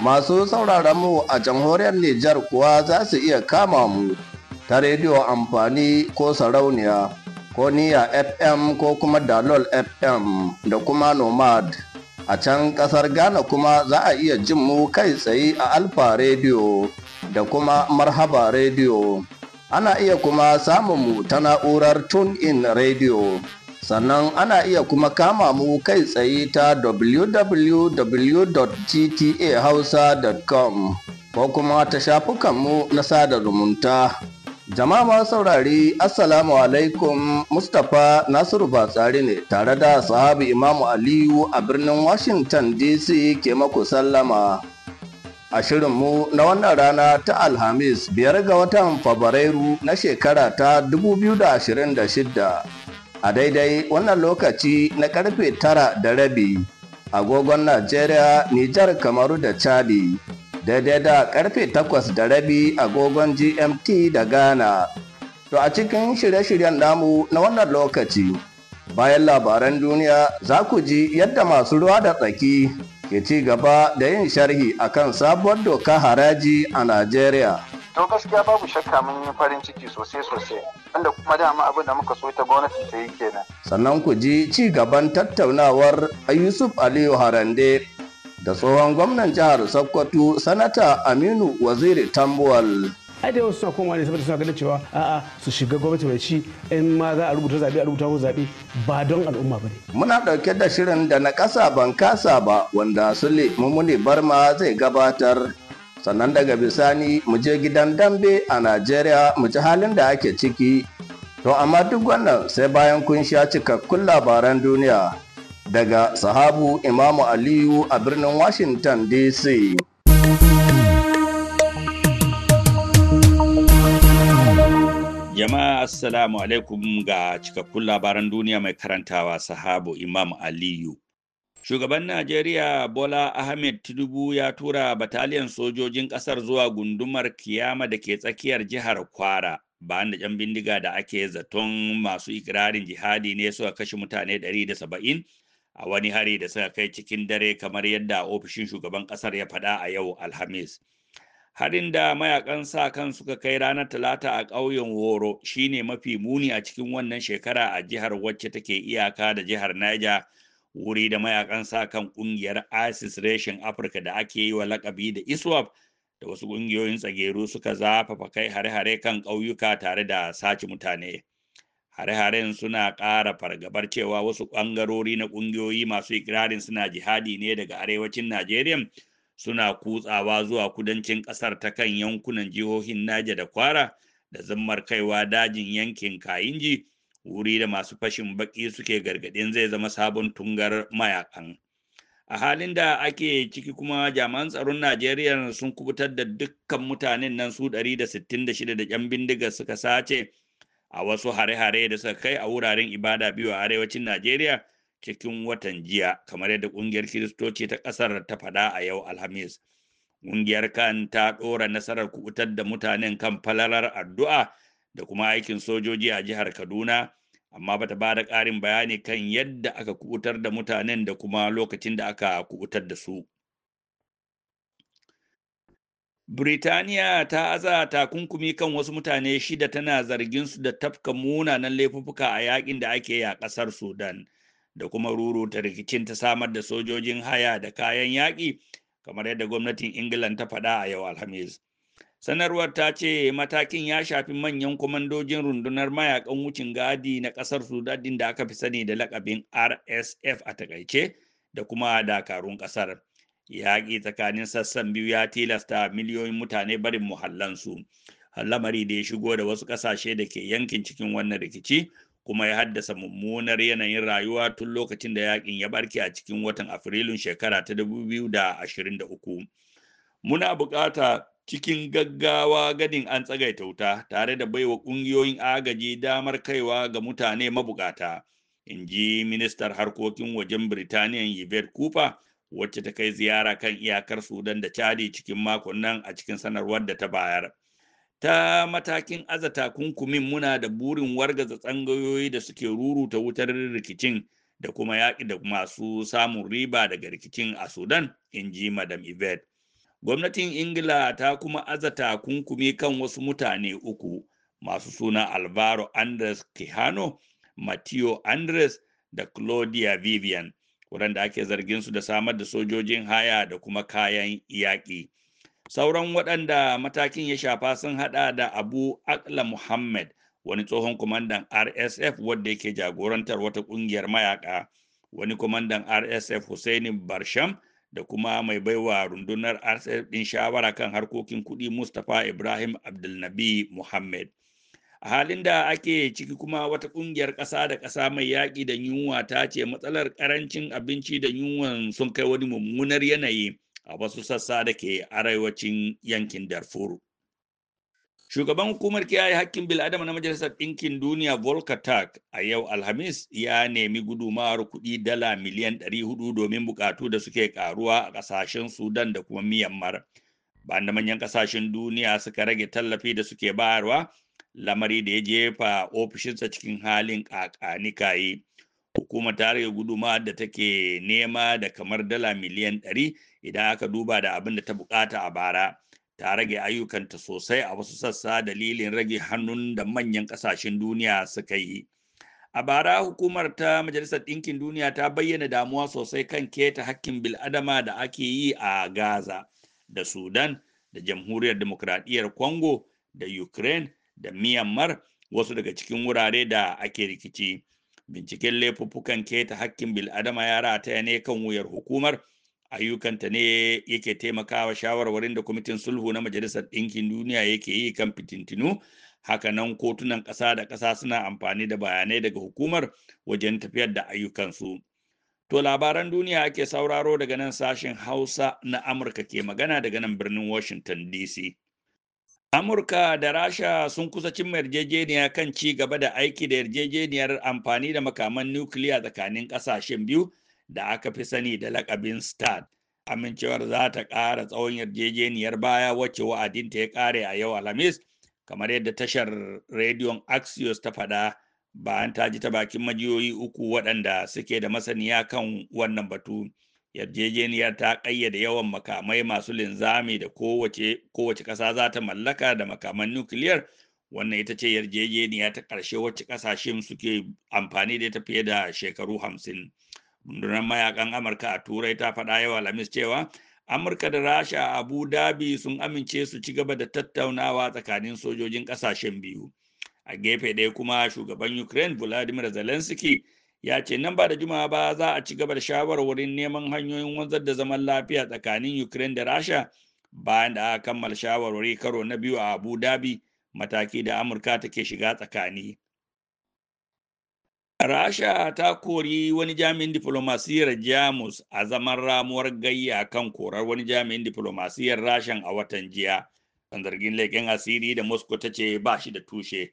masu sauraron mu a jamhuriyar Nijar kuwa za su iya kama mu ta rediyo amfani ko sarauniya ko niya FM ko kuma dalol FM da kuma nomad a can kasar Ghana kuma za a iya jin mu kai tsaye a alfa rediyo da kuma marhaba rediyo ana iya kuma samun mu ta na'urar tune in rediyo sannan ana iya kuma kama mu kai tsaye ta www.gtahausa.com ko kuma ta shafukanmu na sada zumunta. Jama'a saurari Assalamu alaikum Mustapha Nasiru Batsari ne tare da sahabi Imamu Aliyu a birnin Washington DC ke maku sallama. A shirinmu na wannan rana ta Alhamis biyar ga watan Fabrairu na shekara ta 2026. a daidai wannan lokaci na karfe tara da rabi agogon najeriya nijar kamaru da chadi daidai da karfe takwas da rabi agogon gmt da ghana to a cikin shirye-shiryen namu na wannan lokaci bayan labaran duniya za ku ji yadda masu ruwa da tsaki ke ci gaba da yin sharhi akan sabuwar doka haraji a najeriya to gaskiya babu shakka mun yi farin ciki sosai sosai wanda kuma dama abin da muka so ta gwamnati ta yi kenan sannan ku ji ci gaban tattaunawar Yusuf Aliyu Harande da tsohon gwamnan jihar Sokoto sanata Aminu Waziri Tambuwal ai da yawan suna komawa ne saboda suna ganin cewa a'a su shiga gwamnati mai ci in ma za a rubuta zaɓe a rubuta ko zaɓe ba don al'umma ba ne. muna ɗauke da shirin da na ƙasa ban kasa ba wanda sule mummuni barma zai gabatar sannan daga bisani mu je gidan dambe a najeriya mu ji halin da ake ciki to amma duk wannan sai bayan kun sha cikakkun labaran duniya daga sahabu imamu aliyu a birnin washington dc jama'a assalamu alaikum ga cikakkun labaran duniya mai karantawa sahabu imam aliyu Shugaban Najeriya Bola Ahmed Tinubu ya tura bataliyan sojojin ƙasar zuwa gundumar Kiyama da ke tsakiyar jihar Kwara, bayan da ‘yan bindiga da ake zaton masu ikirarin jihadi ne suka kashe mutane 170 a wani hari da suka kai cikin dare kamar yadda ofishin shugaban ƙasar ya faɗa a yau Alhamis. Harin da mayakan sa kan suka kai ranar Talata a ƙauyen Woro shine mafi muni a cikin wannan shekara a jihar wacce take iyaka da jihar Niger. wuri da mayakan sa kan kungiyar isis reshen afirka da ake yi wa lakabi da iswap da wasu kungiyoyin tsageru suka zafafa kai hare-hare kan ƙauyuka tare da sace mutane hare-haren suna ƙara fargabar cewa wasu ɓangarori na ƙungiyoyi masu ikirarin suna jihadi ne daga arewacin najeriya suna kutsawa zuwa kudancin ƙasar ta kan yankunan jihohin naja da kwara da zammar kaiwa dajin yankin kayinji wuri da masu fashin baki suke gargadin zai zama sabon tungar mayakan a halin da ake ciki kuma jami'an tsaron najeriya sun kubutar da dukkan mutanen nan su 166 da yan bindiga suka sace a wasu hare-hare da suka kai a wuraren ibada biyu a arewacin najeriya cikin watan jiya kamar yadda kungiyar kiristoci ta ƙasar ta faɗa a yau alhamis ƙungiyar kan ta ɗora nasarar kubutar da mutanen kan falalar addu'a da kuma aikin sojoji a jihar Kaduna, amma bata ba da ƙarin bayani kan yadda aka kubutar da mutanen da kuma lokacin da aka kubutar da su. Birtaniya ta aza takunkumi kan wasu mutane shida tana zargin su da tafka munanan laifuffuka a yakin da ake yi a ƙasar Sudan, da kuma ruruta rikicin ta samar da sojojin haya da kayan yaƙi, kamar yadda gwamnatin ingila ta faɗa a yau Alhamis. sanarwar ta ce matakin ya shafi manyan kwamandojin rundunar mayakan wucin gadi na kasar sudan da aka fi sani da lakabin rsf a takaice da kuma dakarun kasar yaƙi tsakanin sassan biyu ya tilasta miliyoyin mutane barin muhallansu lamari da ya shigo da wasu ƙasashe da ke yankin cikin wannan rikici kuma ya haddasa mummunar yanayin rayuwa tun lokacin da yaƙin ya barke a cikin watan afrilun shekara ta 2023 muna buƙata cikin gaggawa gadin an tsagaita wuta tare da baiwa ƙungiyoyin agaji damar kaiwa ga mutane mabukata in ji ministar harkokin wajen birtaniya yvette cooper wacce ta kai ziyara kan iyakar sudan da chadi cikin makon nan a cikin sanarwar da ta bayar ta matakin aza kunkumin muna da burin wargaza tsangayoyi da suke ruruta wutar rikicin da kuma yaƙi da masu samun riba daga rikicin a sudan in ji madam yvette Gwamnatin Ingila ta kuma azata kunkumi kan wasu mutane uku masu suna Alvaro Andres Quijano, Matteo Andres da Claudia Vivian, waɗanda ake zargin su da samar da sojojin haya da kuma kayan yaƙi. Sauran waɗanda matakin ya shafa sun haɗa da Abu Akla Muhammad, wani tsohon kwamandan RSF wadda yake jagorantar wata ƙungiyar mayaƙa, wani kwamandan RSF hussaini Barsham, da kuma mai baiwa rundunar RSF ɗin shawara kan harkokin kuɗi Mustapha Ibrahim Abdulnabi Muhammad. A halin da ake ciki kuma wata ƙungiyar ƙasa da ƙasa mai yaƙi da yunwa ta ce matsalar ƙarancin abinci da yunwan sun kai wani mummunar yanayi a wasu sassa da ke arewacin yankin Darfur. Shugaban hukumar kiyaye hakkin bil adama na Majalisar Ɗinkin Duniya Volkatak Tak. a yau Alhamis ya nemi gudumawar kuɗi dala miliyan ɗari 400 domin buƙatu da suke ƙaruwa a ƙasashen Sudan da kuma Myanmar. Bayan da manyan ƙasashen duniya suka rage tallafi da suke bayarwa, lamari da ya jefa ofishinsa cikin halin ƙaƙanikayi. Hukumar ta rage gudumawar da take nema da kamar dala miliyan ɗari idan aka duba da abin da ta buƙata a bara. ta rage ayyukanta sosai a wasu sassa dalilin rage hannun da manyan ƙasashen duniya suka yi. A bara hukumar ta Majalisar Ɗinkin Duniya ta bayyana damuwa sosai kan keta hakkin bil'adama da ake yi a Gaza, da Sudan, da Jamhuriyar Demokradiyyar Congo, da Ukraine, da Myanmar, wasu daga cikin wurare da ake rikici. Binciken laifuffukan keta hakkin bil'adama ya rataya ne kan wuyar hukumar ayyukanta ne yake taimakawa shawarwarin da kwamitin sulhu na majalisar ɗinkin duniya yake yi kan fitintinu hakanan kotunan ƙasa da ƙasa suna amfani da bayanai daga hukumar wajen tafiyar da ayyukansu to labaran duniya ake sauraro daga nan sashen hausa na amurka ke magana daga nan birnin washington dc Amurka da Rasha sun kusa cimma yarjejeniya kan ci gaba da aiki da yarjejeniyar amfani da makaman nukiliya tsakanin ƙasashen biyu da aka fi sani da lakabin stad amincewar za ta ƙara tsawon yarjejeniyar baya wacce wa'adinta ya ƙare a yau alhamis kamar yadda tashar rediyon axios ta faɗa bayan ta ji ta bakin majiyoyi uku waɗanda suke da masaniya kan wannan batu yarjejeniyar ta ƙayyade yawan makamai masu linzami da kowace kowace ƙasa za ta mallaka da makaman nukiliyar wannan ita ce yarjejeniya ta ƙarshe wacce ƙasashen suke amfani da ita fiye da shekaru hamsin. rundunar mayakan amurka a turai ta faɗa yau alhamis cewa amurka da rasha a abu dhabi sun amince su ci gaba da tattaunawa tsakanin sojojin ƙasashen biyu a gefe ɗaya kuma shugaban ukraine vladimir zelensky ya ce nan ba da juma'a ba za a ci gaba da shawarwarin neman hanyoyin wanzar da zaman lafiya tsakanin ukraine da rasha bayan da aka kammala shawarwari karo na biyu a abu dhabi mataki da amurka take shiga tsakani Rasha ta kori wani jami'in diflomasiyar Jamus a zaman ramuwar gayya kan korar wani jami'in diflomasiyyar Rashan a watan jiya. Kan zargin leƙen asiri da Moscow ta ce ba shi da tushe.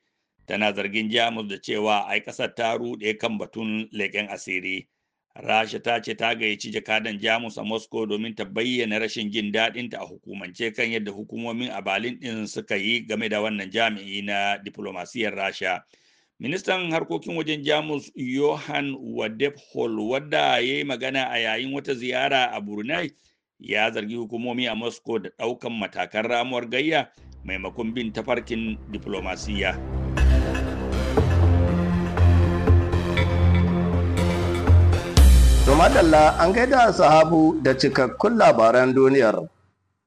Tana zargin Jamus da cewa ai ƙasar ta ruɗe kan batun leƙen asiri. Rasha ta ce ta gayyaci jakadan Jamus a Moscow domin ta bayyana rashin jin daɗinta a hukumance kan yadda hukumomin a Berlin ɗin suka yi game da wannan jami'i na diflomasiyar Rasha. ministan harkokin wajen jamus johan wadep wadda ya yi magana a yayin wata ziyara a brunei ya zargi hukumomi a moscow da ɗaukan matakan ramuwar gayya maimakon bin tafarkin diflomasiyya. madalla an gaida sahabu da cikakkun labaran duniyar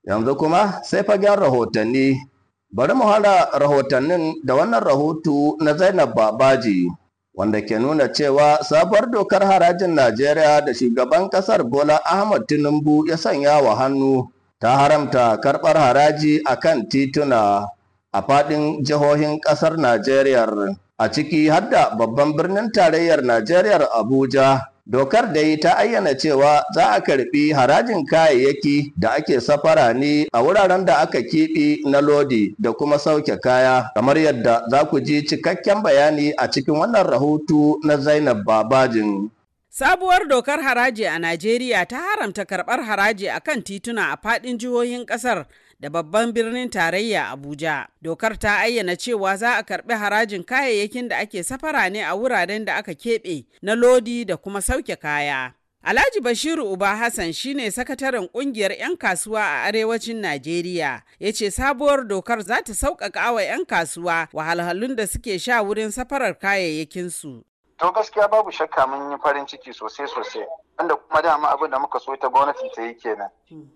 yanzu kuma sai fagen rahotanni Bari mu hada rahotannin da wannan rahoto na Zainab Babaji wanda ke nuna cewa sabuwar dokar harajin Najeriya da shugaban kasar Bola Ahmad Tinubu ya sanya wa hannu ta haramta karɓar haraji a kan tituna a faɗin jihohin ƙasar Najeriya a ciki hadda babban birnin tarayyar Najeriya Abuja Dokar da yi ta ayyana cewa za a karbi harajin kayayyaki da ake safara ne a wuraren da aka kiɓi na lodi da kuma sauke kaya kamar yadda za ku ji cikakken bayani a cikin wannan rahoto na Zainab Babajin. Sabuwar dokar haraji a Najeriya ta haramta karɓar haraji a kan tituna a faɗin jihohin ƙasar da babban birnin tarayya Abuja. Dokar ta ayyana cewa za a karɓi harajin kayayyakin da ake safara ne a wuraren da aka keɓe na lodi da kuma sauke kaya. Alhaji Bashiru Uba Hassan shine sakataren ƙungiyar 'yan kasuwa a arewacin Najeriya ya ce sabuwar dokar za ta sauƙaƙa wa 'yan kasuwa wahalhalun da suke sha wurin safarar kayayyakinsu. To gaskiya babu shakka mun yi farin ciki sosai sosai wanda kuma dama abin da muka so ita gwamnati ta yi kenan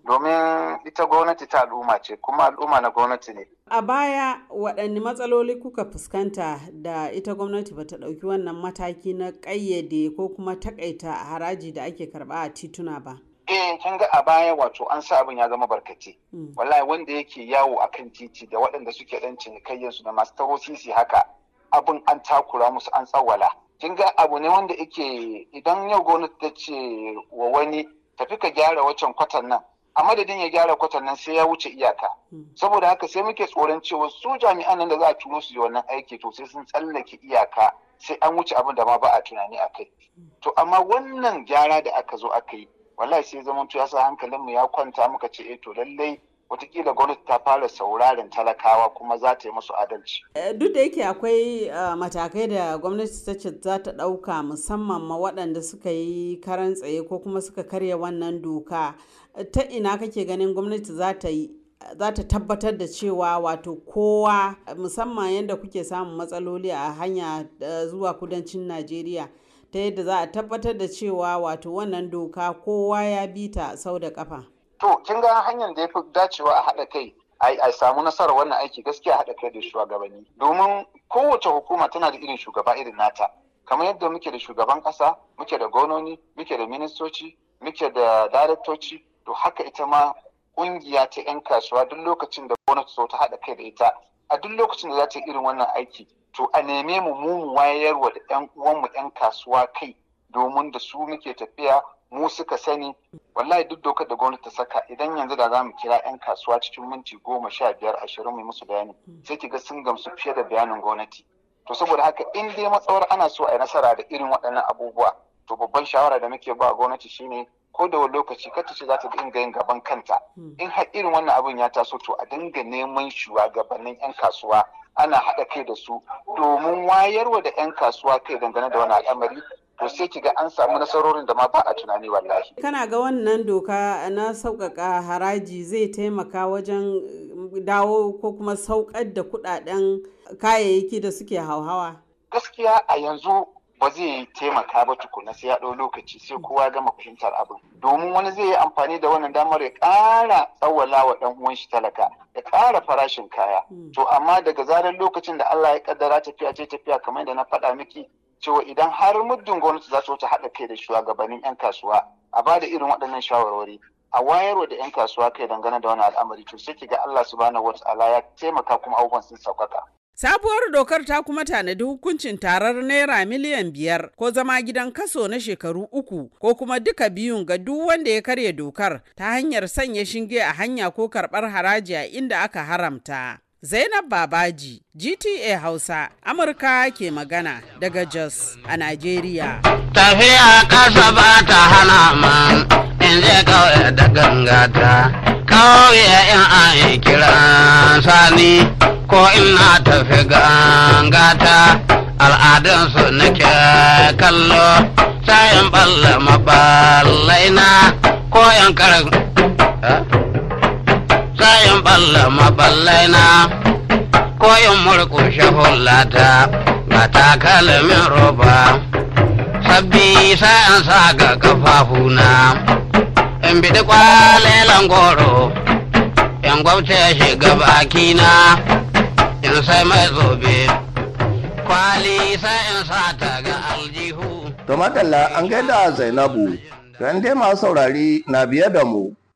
domin ita gwamnati ta al'umma ce kuma al'umma na gwamnati ne a baya waɗanne matsaloli kuka fuskanta da ita gwamnati ba ta ɗauki wannan mataki na ƙayyade ko kuma takaita haraji da ake karɓa a tituna ba eh kin ga a baya wato an sa abin ya zama barkace hmm. wallahi wanda yake yawo akan titi da waɗanda suke ɗan cinikayyansu da masu tarosisi haka abin an takura musu an tsawala kin ga abu ne wanda yake idan yau gwamnati ta ce wa wani tafi ka gyara wacan kwatan nan a madadin ya gyara kwatan nan sai ya wuce iyaka hmm. saboda haka sai muke tsoron cewa su jami'an nan da za a turo su yi wannan aiki to sai sun tsallake iyaka sai an wuce abin da ma ba a tunani a kai hmm. to amma wannan gyara da aka zo aka yi wallahi sai zaman ya sa hankalinmu ya kwanta muka ce eh to lallai watakila gwamnati ta fara sauraren talakawa kuma za ta yi musu adalci. Eh, duk da yake akwai eh, matakai da gwamnati ta ce za ta ɗauka musamman ma waɗanda suka yi karan tsaye ko kuma suka karya wannan doka ta ina kake ganin gwamnati za ta yi za ta tabbatar da cewa wato kowa musamman yadda kuke samun matsaloli a hanya eh, zuwa kudancin najeriya ta yadda za a tabbatar da cewa wato wannan doka kowa ya bi ta sau da kafa to kin ga hanyar da ya fi dacewa a haɗa kai ai a samu nasarar wannan aiki gaskiya haɗa kai da shugabanni domin kowace hukuma tana da irin shugaba irin nata kamar yadda muke da shugaban ƙasa muke da gononi muke da ministoci muke da daraktoci to haka ita ma ƙungiya ta 'yan kasuwa duk lokacin da gwamnati ta haɗa kai da ita a duk lokacin da za ta yi irin wannan aiki to a neme mu mu wayarwa da 'yan uwanmu 'yan kasuwa kai domin da su muke tafiya mu suka sani wallahi duk dokar da gwamnati ta saka idan yanzu da zamu kira 'yan kasuwa cikin minti goma sha biyar ashirin mai musu bayani sai ki ga sun gamsu fiye da bayanin gwamnati to saboda haka in dai matsawar ana so a yi nasara da irin waɗannan abubuwa to babban shawara da muke ba gwamnati shine ko da wani lokaci kar ta ce za ta dinga yin gaban kanta in har irin wannan abin ya taso to a dinga neman shugabannin 'yan kasuwa ana haɗa kai da su domin wayarwa da 'yan kasuwa kai dangane da wani al'amari to sai ki ga an samu nasarorin da ma ba a tunani wallahi kana ga wannan doka na sauƙaƙa haraji zai taimaka wajen dawo ko kuma sauƙar da kuɗaɗen kayayyaki da suke hauhawa gaskiya a yanzu ba zai taimaka ba tukuna sai ya ɗau lokaci sai kowa gama fahimtar abin domin wani zai yi amfani da wannan damar ya ƙara tsawwala wa ɗan uwan shi talaka ya ƙara farashin kaya hmm. to amma daga zarar lokacin da Allah ya ƙaddara tafiya ce tafiya kamar da na faɗa miki cewa idan har muddin gwamnati za su wuce haɗa kai da shugabannin 'yan kasuwa a ba da irin waɗannan shawarwari a wayarwa da 'yan kasuwa kai dangane da wani al'amari to sai ki ga Allah subhanahu wata'ala ya taimaka kuma abubuwan sun sauƙaƙa. Sabuwar dokar ta kuma tanadi hukuncin tarar naira miliyan biyar ko zama gidan kaso na shekaru uku ko kuma duka biyun ga duk wanda ya karya dokar ta hanyar sanya shinge a hanya ko karɓar haraji a inda aka haramta. Zainab Babaji, GTA Hausa, Amurka ke magana daga Jos a Najeriya. Tafiya ƙasa ba ta hana ma, in je kauye da gangata, kauye in an yi kira sani ko ina tafi gangata, al'adunsu nake kallo, sayan balla maballaina ko yan karin. kayan balla maballai koyon murkushe ba roba sabbi sa'an sa ga kafafuna in biɗi kwalelan goro in shiga bakina in sai mai zobe kwali sa'in sa ta ga aljihu to madalla an gaida zainabu dai saurari na biye da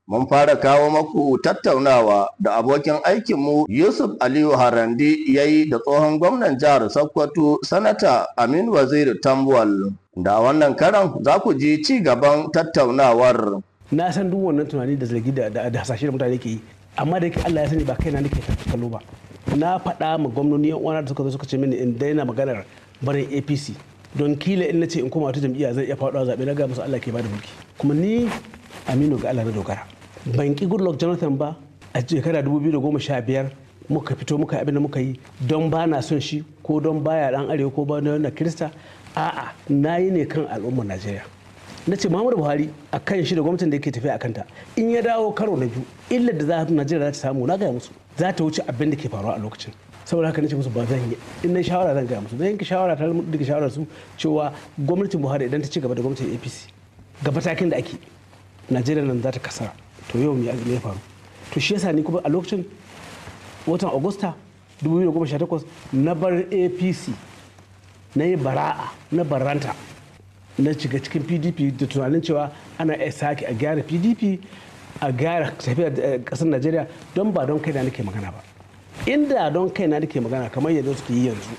mun fara kawo maku tattaunawa da abokin aikinmu Yusuf Aliyu Harandi ya yi da tsohon gwamnan jihar Sokoto Sanata Aminu Waziri Tambuwal. Da wannan karan za ku ji ci gaban tattaunawar. Na san duk wannan tunani da zargi da hasashe da mutane ke yi, amma da yake Allah ya sani ba na nake kallo ba. Na faɗa ma gwamnoni yan uwana da suka zo suka ce mini in daina maganar barin APC. Don kila in na ce in koma wata jam'iyya zan iya faɗawa zaɓe na ga musu Allah ke bada mulki. Kuma ni Aminu ga Allah na dogara. ban ki goodluck jonathan ba a shekara 2015 muka fito muka abin da muka yi don ba na son shi ko don baya dan arewa ko ba na kirista a'a na yi ne kan al'ummar najeriya na ce muhammadu buhari a kan shi da gwamnatin da yake tafiya a kanta in ya dawo karo na biyu illa da za najeriya za ta samu na gaya musu za ta wuce abin da ke faruwa a lokacin saboda haka na ce musu ba zan yi in na shawara zan gaya musu zan yanke shawara ta duka shawarar su cewa gwamnatin buhari idan ta ci gaba da gwamnatin apc ga matakin da ake najeriya nan za ta kasara to yau me ya faru to shi yasa ni kuma a lokacin watan agusta 2018 na bar apc na yi bara'a na baranta na shiga cikin pdp da tunanin cewa ana iya sake a gyara pdp a gyara tafiyar kasar eh, najeriya don ba don kai na nake magana ba inda don kai na nake magana kamar yadda suke yi yanzu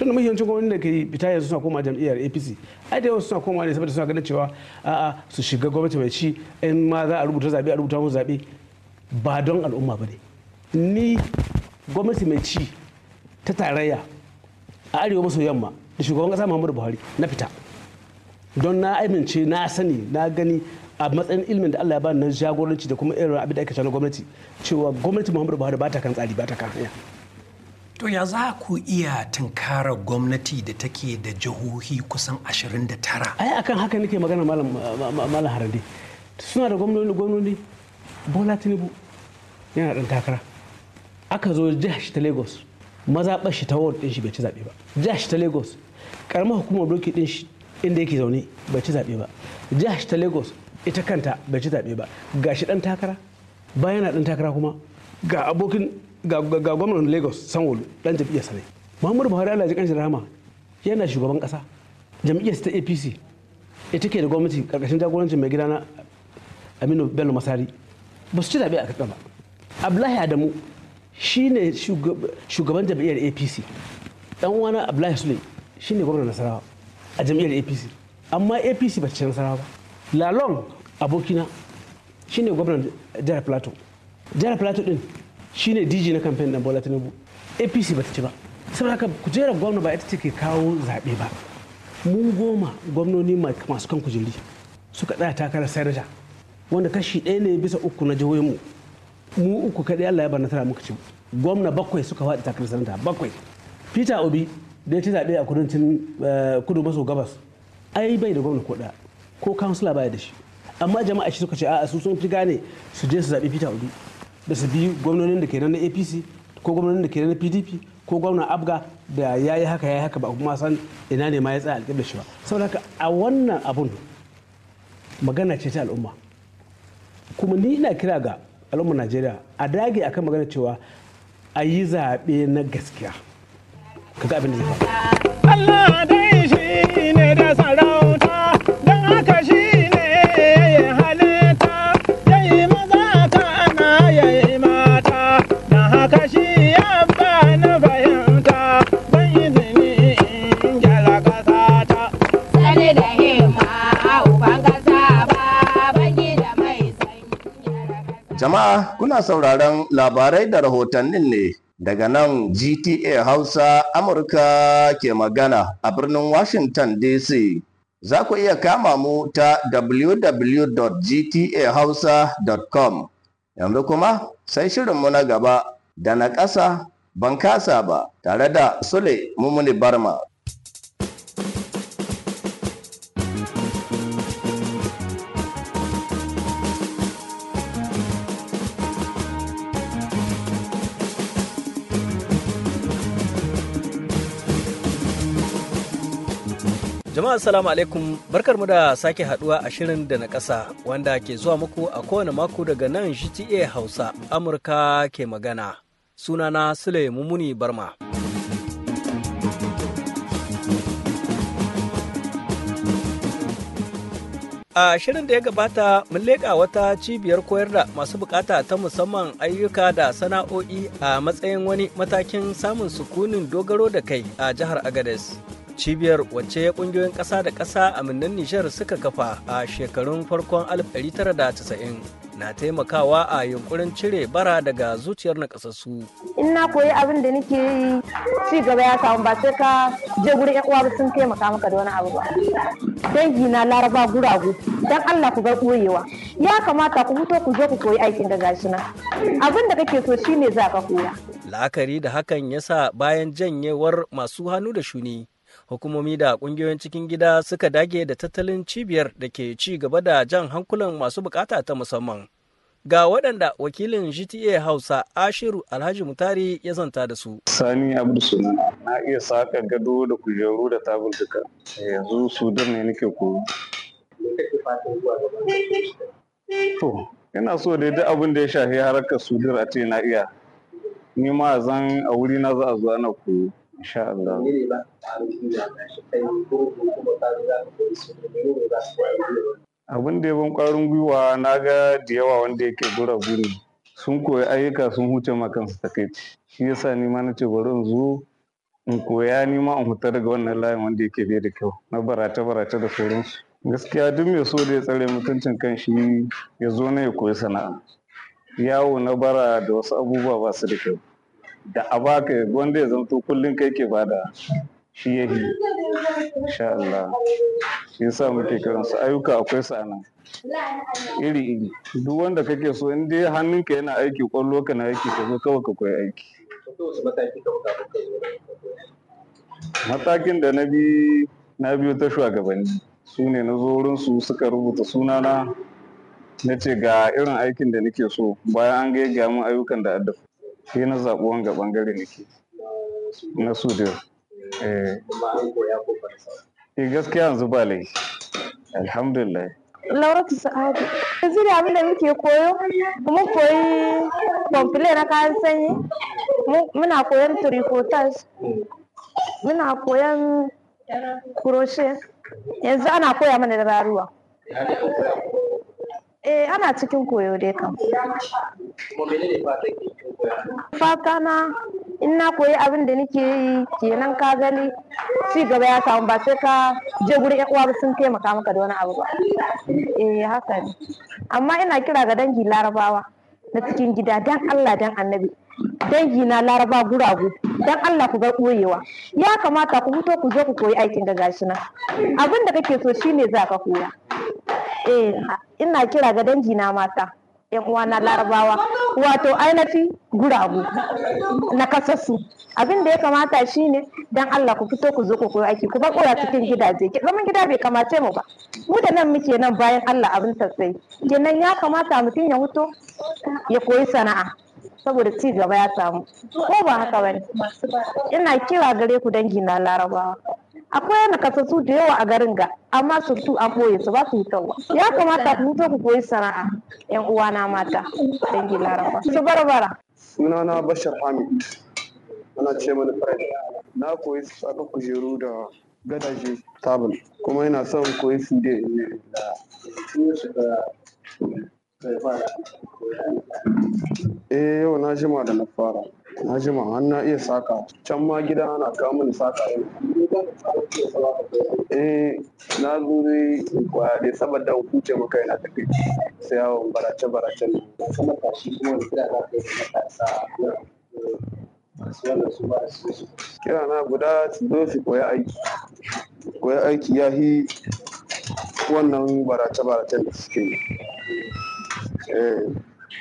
tunda mahiyancin gwamnati da ke fita yanzu suna koma jam'iyyar apc ai da yawa suna koma ne saboda suna ganin cewa a'a su shiga gwamnati mai ci in ma za a rubuta zaɓe a rubuta mu zaɓe ba don al'umma ba ne ni gwamnati mai ci ta tarayya a arewa maso yamma da shugaban ƙasa muhammadu buhari na fita don na amince na sani na gani a matsayin ilimin da Allah ya bani na jagoranci da kuma irin abin da ake na gwamnati cewa gwamnati Muhammadu Buhari ba ta kan tsari ba ta kan hanya to ya za ku iya tunkara gwamnati da take da jihohi kusan 29 ai akan haka nake magana malam malam harande suna da gwamnoni gwamnoni bola tinubu yana dan takara aka zo jihar shi ta lagos mazaɓar shi ta ward din shi bai ci zaɓe ba jihar shi ta lagos karamar hukumar doki din shi inda yake zaune bai ci zaɓe ba jihar shi ta lagos ita kanta bai ci zaɓe ba ga shi dan takara bayan na dan takara kuma ga abokin ga gwamnan lagos sanwo dan jam'iyyar sa ne muhammadu buhari allah ji kanshi rahama yana shugaban kasa jam'iyyar ta apc ita take da gwamnati karkashin jagorancin mai gidana aminu bello masari ba su ci zaɓe a kaka ba abdullahi adamu shine shugaban jam'iyyar apc dan uwana abdullahi sule shine gwamnan nasarawa a jam'iyyar apc amma apc ba ci nasarawa ba lalong abokina shine gwamnan jihar plateau jihar plateau din Shi ne dj na kamfen ɗan bola tinubu apc ba ta ci ba saboda haka kujerar gwamna ba ita ce ke kawo zaɓe ba Mun goma gwamnoni masu kan kujeri suka ɗaya takarar sarja wanda kashi ɗaya ne bisa uku na jihohinmu mu uku kaɗai allah ya bar nasara muka ci gwamna bakwai suka faɗi takarar sarja bakwai peter obi da ya ci zaɓe a kudancin eh, kudu maso gabas ai bai da gwamna ko ɗaya ko kansula baya da shi amma jama'a shi suka ce a'a su sun fi gane su je su zaɓi peter obi da su bi gwamnonin da ke nan na apc ko gwamnonin da ke nan na pdp ko gwamnan abga da ya yi haka ya yi haka ba kuma san ina ne ma ya tsaya alƙibla shi ba saboda haka a wannan abun magana ce ta al'umma kuma ni ina kira ga al'ummar najeriya a dage akan magana cewa a yi zaɓe na gaskiya kaga abin da zai faru Allah dai shi ne da sarauta Jama'a kuna sauraron labarai da rahotannin ne daga nan GTA Hausa Amurka ke magana a birnin Washington DC. Za ku iya kama mu ta www.gtahausa.com. Yanzu kuma sai shirinmu na gaba da na ƙasa ban kasa ba tare da Sule Mumuni Barma. Jama'a assalamu alaikum mu da sake haduwa a shirin da na ƙasa wanda ke zuwa muku a kowane mako daga nan GTA Hausa Amurka ke magana. Sunana Sule Mumuni Barma. A shirin da ya gabata mun leƙa wata cibiyar koyar da masu bukata ta musamman ayyuka da sana'o'i a matsayin wani matakin samun sukunin dogaro da kai a jihar Agades. cibiyar wacce kungiyoyin ƙasa da ƙasa a minnan nijar suka kafa a shekarun farkon 1990 na taimakawa a yunkurin cire bara daga zuciyar nakasassu. in na koyi abin da nake yi ci gaba ya samu ba sai ka je gurin yan uwa sun taimaka maka da wani abu ba dangi na laraba guragu dan Allah ku ga koyewa ya kamata ku fito ku je ku koyi aikin da gashi na abin da kake so shine za ka koya la'akari da hakan yasa bayan janyewar masu hannu da shuni hukumomi da kungiyoyin cikin gida suka dage da tattalin cibiyar da ke ci gaba da jan hankulan masu bukata ta musamman ga waɗanda wakilin gta hausa ashiru alhaji mutari ya zanta da su sani abu suna na iya saka gado da kujeru da tabul duka yanzu su ne nake koyo to ina so dai duk abin da ya shafi harkar sudur a ce na iya ni ma zan a wuri na za a zuwa na koyo insha Allah abin da ya ban ƙwarin gwiwa na ga da yawa wanda yake gura guri sun koyi ayyuka sun huce ma takaici shi yasa ni ma nace bari in zo in koya ni ma in huta daga wannan layin wanda yake bai da kyau na barata barata da sauransu gaskiya duk mai so da ya tsare mutuncin kan shi ya zo na ya koyi sana'a yawo na bara da wasu abubuwa ba su da kyau da a baka wanda ya zamto kullum kai ke bada shi ya yi insha Allah shi yasa muke kiran su ayyuka akwai su anan iri iri duk wanda kake so in dai hannunka yana aiki kwallo ka na aiki ka zo kawai ka koyi aiki matakin da na bi na biyo ta shugabanni su ne na zorin su suka rubuta sunana na ce ga irin aikin da nake so bayan an gaya mun ayyukan da addafa shi na zaɓi wanga ɓangare ke na sudir eh. eh gaskiya yanzu ba lai alhamdulillah Lauratu Sa'adu. Yanzu da abin da muke koyo, mun koyi kwamfile na kayan sanyi, muna koyon turikotas muna koyon crochet, yanzu ana koya mana da raruwa. Eh ana cikin koyo dai kan. Fata na in na koyi abin da nake yi kenan ka gani ci gaba ya samu ba sai ka je gurin yan uwa sun taimaka maka da wani abu ba. Eh haka ne. Amma ina kira ga dangi Larabawa na cikin gida dan Allah dan Annabi. Dangi na Laraba guragu dan Allah ku bar koyewa. Ya kamata ku fito ku je ku koyi aikin da gashi nan. Abin da kake so shine za ka koya. Eh ina kira ga dangi na mata yan uwana larabawa wato ainafi guragu na kasassu abin da ya kamata shine dan Allah ku fito ku zo ku koyi aiki ku bar kura cikin gidaje zaman gida bai kamace mu ba mu da nan muke nan bayan Allah abin tsatsai kenan ya kamata mutum ya huto ya koyi sana'a saboda ci gaba ya samu ko ba haka bane ina kira gare ku dangi na larabawa akwai nakasassu da yawa a garin ga amma su su an boye su ba su yi tawa ya kamata ku mutu ku koyi sana'a yan uwana mata dangi laraba su barbara na bashar hamid ana ce mani fara na koyi tsaka kujeru da gadaje tabul kuma ina son koyi su da eh yau na jima da na fara na jima ma na iya saka can ma gida ana kawo mini saka eh na zo dai kwaya dai saboda in huce maka yana ta sai yawon barace barace ne kuma tashi kuma da kira za ka yi kira na guda su zo su koya aiki koya aiki ya yi wannan barace barace da suke eh,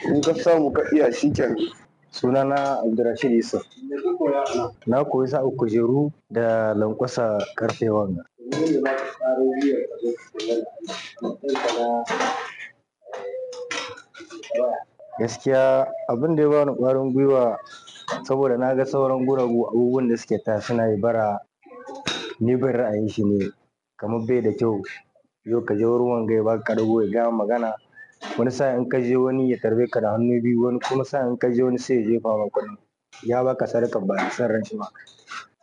in ka samu ka iya shi kenan sunana abdurrashid isa na koyi sa'a kujeru da lankwasa karfe wanga gaskiya abin da ya bani ƙwarin gwiwa saboda na ga sauran guragu abubuwan da suke ta suna yi bara ni bin ra'ayin shi ne kamar bai da kyau yau ka je wurin wanga ya baka ya gama magana wani sa in ka je wani ya tarbe ka da hannu biyu wani kuma sa in ka je wani sai ya jefa ma kudi ya baka sadaka ba san ran shi ma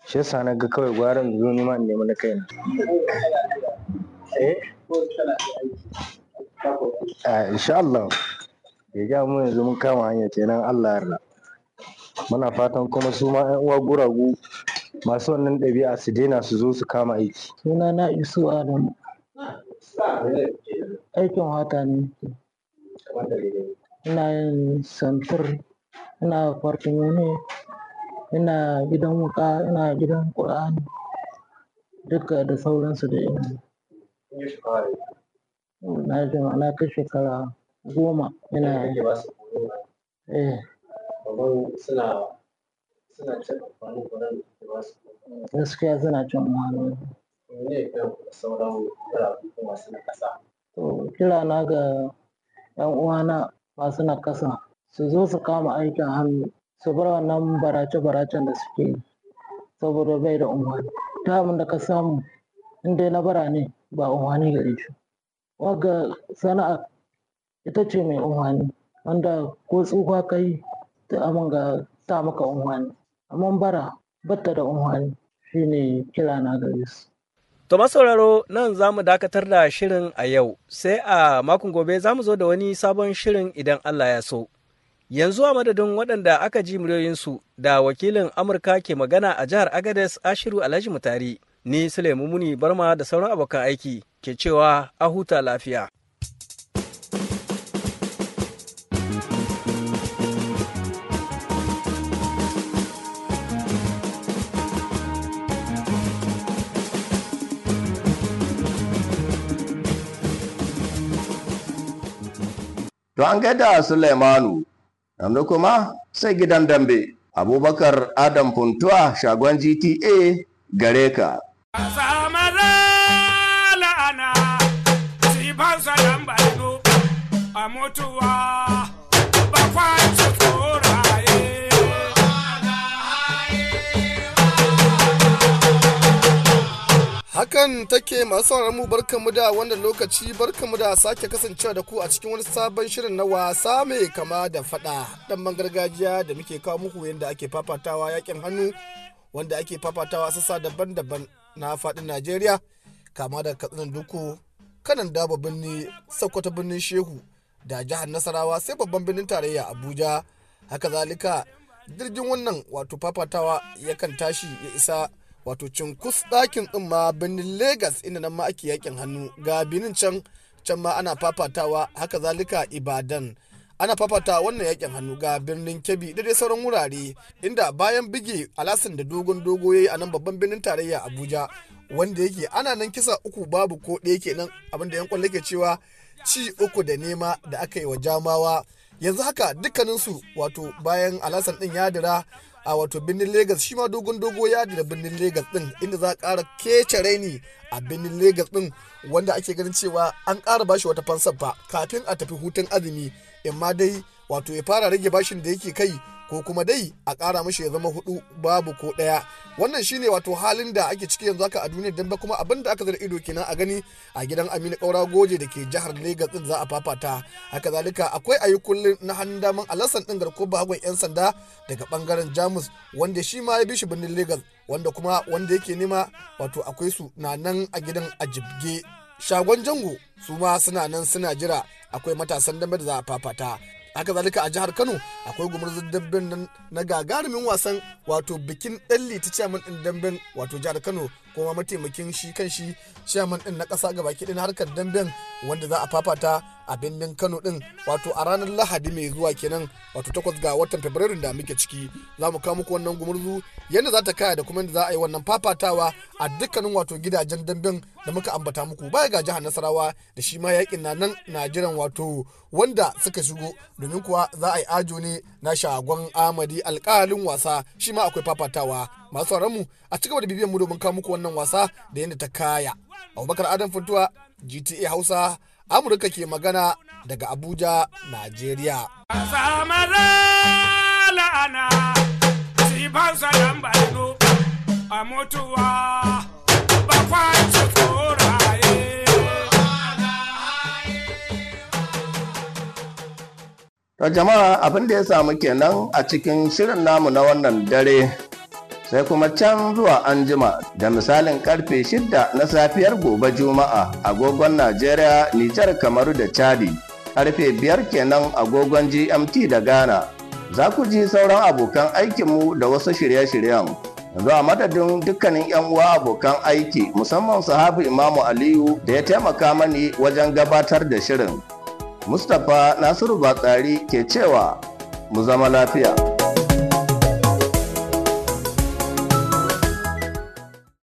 shi yasa na ga kawai gwaran zo nima in nemi na kaina eh ah insha Allah ya ga mu yanzu mun kama hanya kenan Allah yarda muna fatan kuma su ma ƴan uwa guragu masu wannan ɗabi'a su daina su zo su kama aiki suna na isu adamu aikin wata ne ina yin santur, ina fartimone, ina gidan wuƙa, ina gidan ƙur'ani duka da sauransu da ina. Na ma na kai shekara goma ina yi. Eh. Gaskiya suna cin wani. Kira na ga 'yan uwana masu nakasa su zo su kama aikin hannu su bar wannan barace-baracen da suke yi saboda bai da umarni ta abin da ka samu in dai na bara ne ba umarni gare shi wagga sana'a ita ce mai umarni wanda ko tsufa ka yi ta amin ga ta maka unwani amma bara batta da umarni shine kira na gare su To masauraro nan za mu dakatar da shirin a yau, sai a makon gobe za mu zo da wani sabon shirin idan Allah ya so. Yanzu a madadin waɗanda aka ji muryoyinsu da wakilin Amurka ke magana a jihar Agades Ashiru Alhaji Mutari, ni Sule Muni Barma da sauran abokan aiki ke cewa a huta lafiya. to an gaida Sulaimanu yanzu kuma sai gidan dambe Abubakar Adam Funtuwa shagon GTA gare ka. hakan take masu sauraron mu mu da wannan lokaci mu da sake kasancewa da ku a cikin wani sabon shirin na wasa mai kama da fada dan man gargajiya da muke kawo muku yadda ake fafatawa yakin hannu wanda ake fafatawa sassa daban-daban na fadin Najeriya kama da katsinan duku kanan daba birni sokoto birnin shehu da jihar nasarawa sai babban birnin tarayya abuja haka zalika jirgin wannan wato fafatawa yakan tashi ya isa wato cinkus ɗakin ɗin ma birnin Legas inda nan ma ake yakin hannu ga birnin can can ma ana fafatawa haka zalika Ibadan. ana fafata wannan yakin hannu ga birnin kebbi da dai sauran wurare inda bayan bige alasan da dogon dogo ya yi a nan babban birnin tarayya abuja wanda yake ana nan kisa uku babu ko ɗaya kenan abinda yan kwallo ke cewa ci uku da nema da aka yi wa jamawa yanzu haka dukkaninsu wato bayan alasan din ya dira a wato birnin Legas shi ma dogon dogo ya da birnin Legas din inda za a ƙara kece raini a birnin Legas din wanda ake ganin cewa an ƙara bashi wata fansar fa kafin a tafi hutun azumi in ma dai wato ya fara rage bashin da yake kai ko kuma dai a kara mashi ya zama hudu babu ko ɗaya wannan shine wato halin da ake ciki yanzu haka a duniyar dambe kuma abin da aka zara ido kenan a gani a gidan aminu kaura goje da ke jihar lagos din za a fafata haka zalika akwai ayi kullum na hannun daman alasan ɗin garko bahagon yan sanda daga ɓangaren jamus wanda shi ma ya bi shi birnin lagos wanda kuma wanda yake nema wato akwai su na nan a gidan a jibge shagon jango su ma suna nan suna jira akwai matasan dambe da za a fafata haka zalika a jihar kano akwai gumurzun dambe na gagarumin wasan wato bikin dan liti chairman din damben wato jihar kano kuma mataimakin shi kan shi chairman din na kasa gabaki din harkar damben wanda za a fafata a birnin kano din wato a ranar lahadi mai zuwa kenan wato takwas ga watan fabrairu da muke ciki za mu kawo muku wannan gumurzu yadda za ta kaya da kuma yadda za a yi wannan fafatawa a dukkanin wato gidajen dambin da muka ambata muku baya ga jihar nasarawa da shi ma yakin na nan na jiran wato wanda suka shigo domin kuwa za a yi ajo ne na shagon amadi alkalin wasa shi ma akwai fafatawa masu mu a cigaba da bibiyan mu domin kawo muku wannan wasa da yadda ta kaya abubakar adam funtuwa gta hausa Amurka ke magana daga Abuja, Najeriya. a mutuwa ba jama'a abin da ya samu kenan a cikin shirin namu na wannan dare sai kuma can zuwa anjima da misalin karfe shidda na safiyar gobe juma'a agogon najeriya nijar kamaru da chadi karfe biyar kenan agogon gmt da ghana za ku ji sauran abokan aikinmu da wasu shirye-shiryen yanzu a madadin dukkanin 'yan uwa abokan aiki musamman sahabu imamu aliyu da ya taimaka mani wajen gabatar da shirin mustapha nasiru batsari ke cewa mu zama lafiya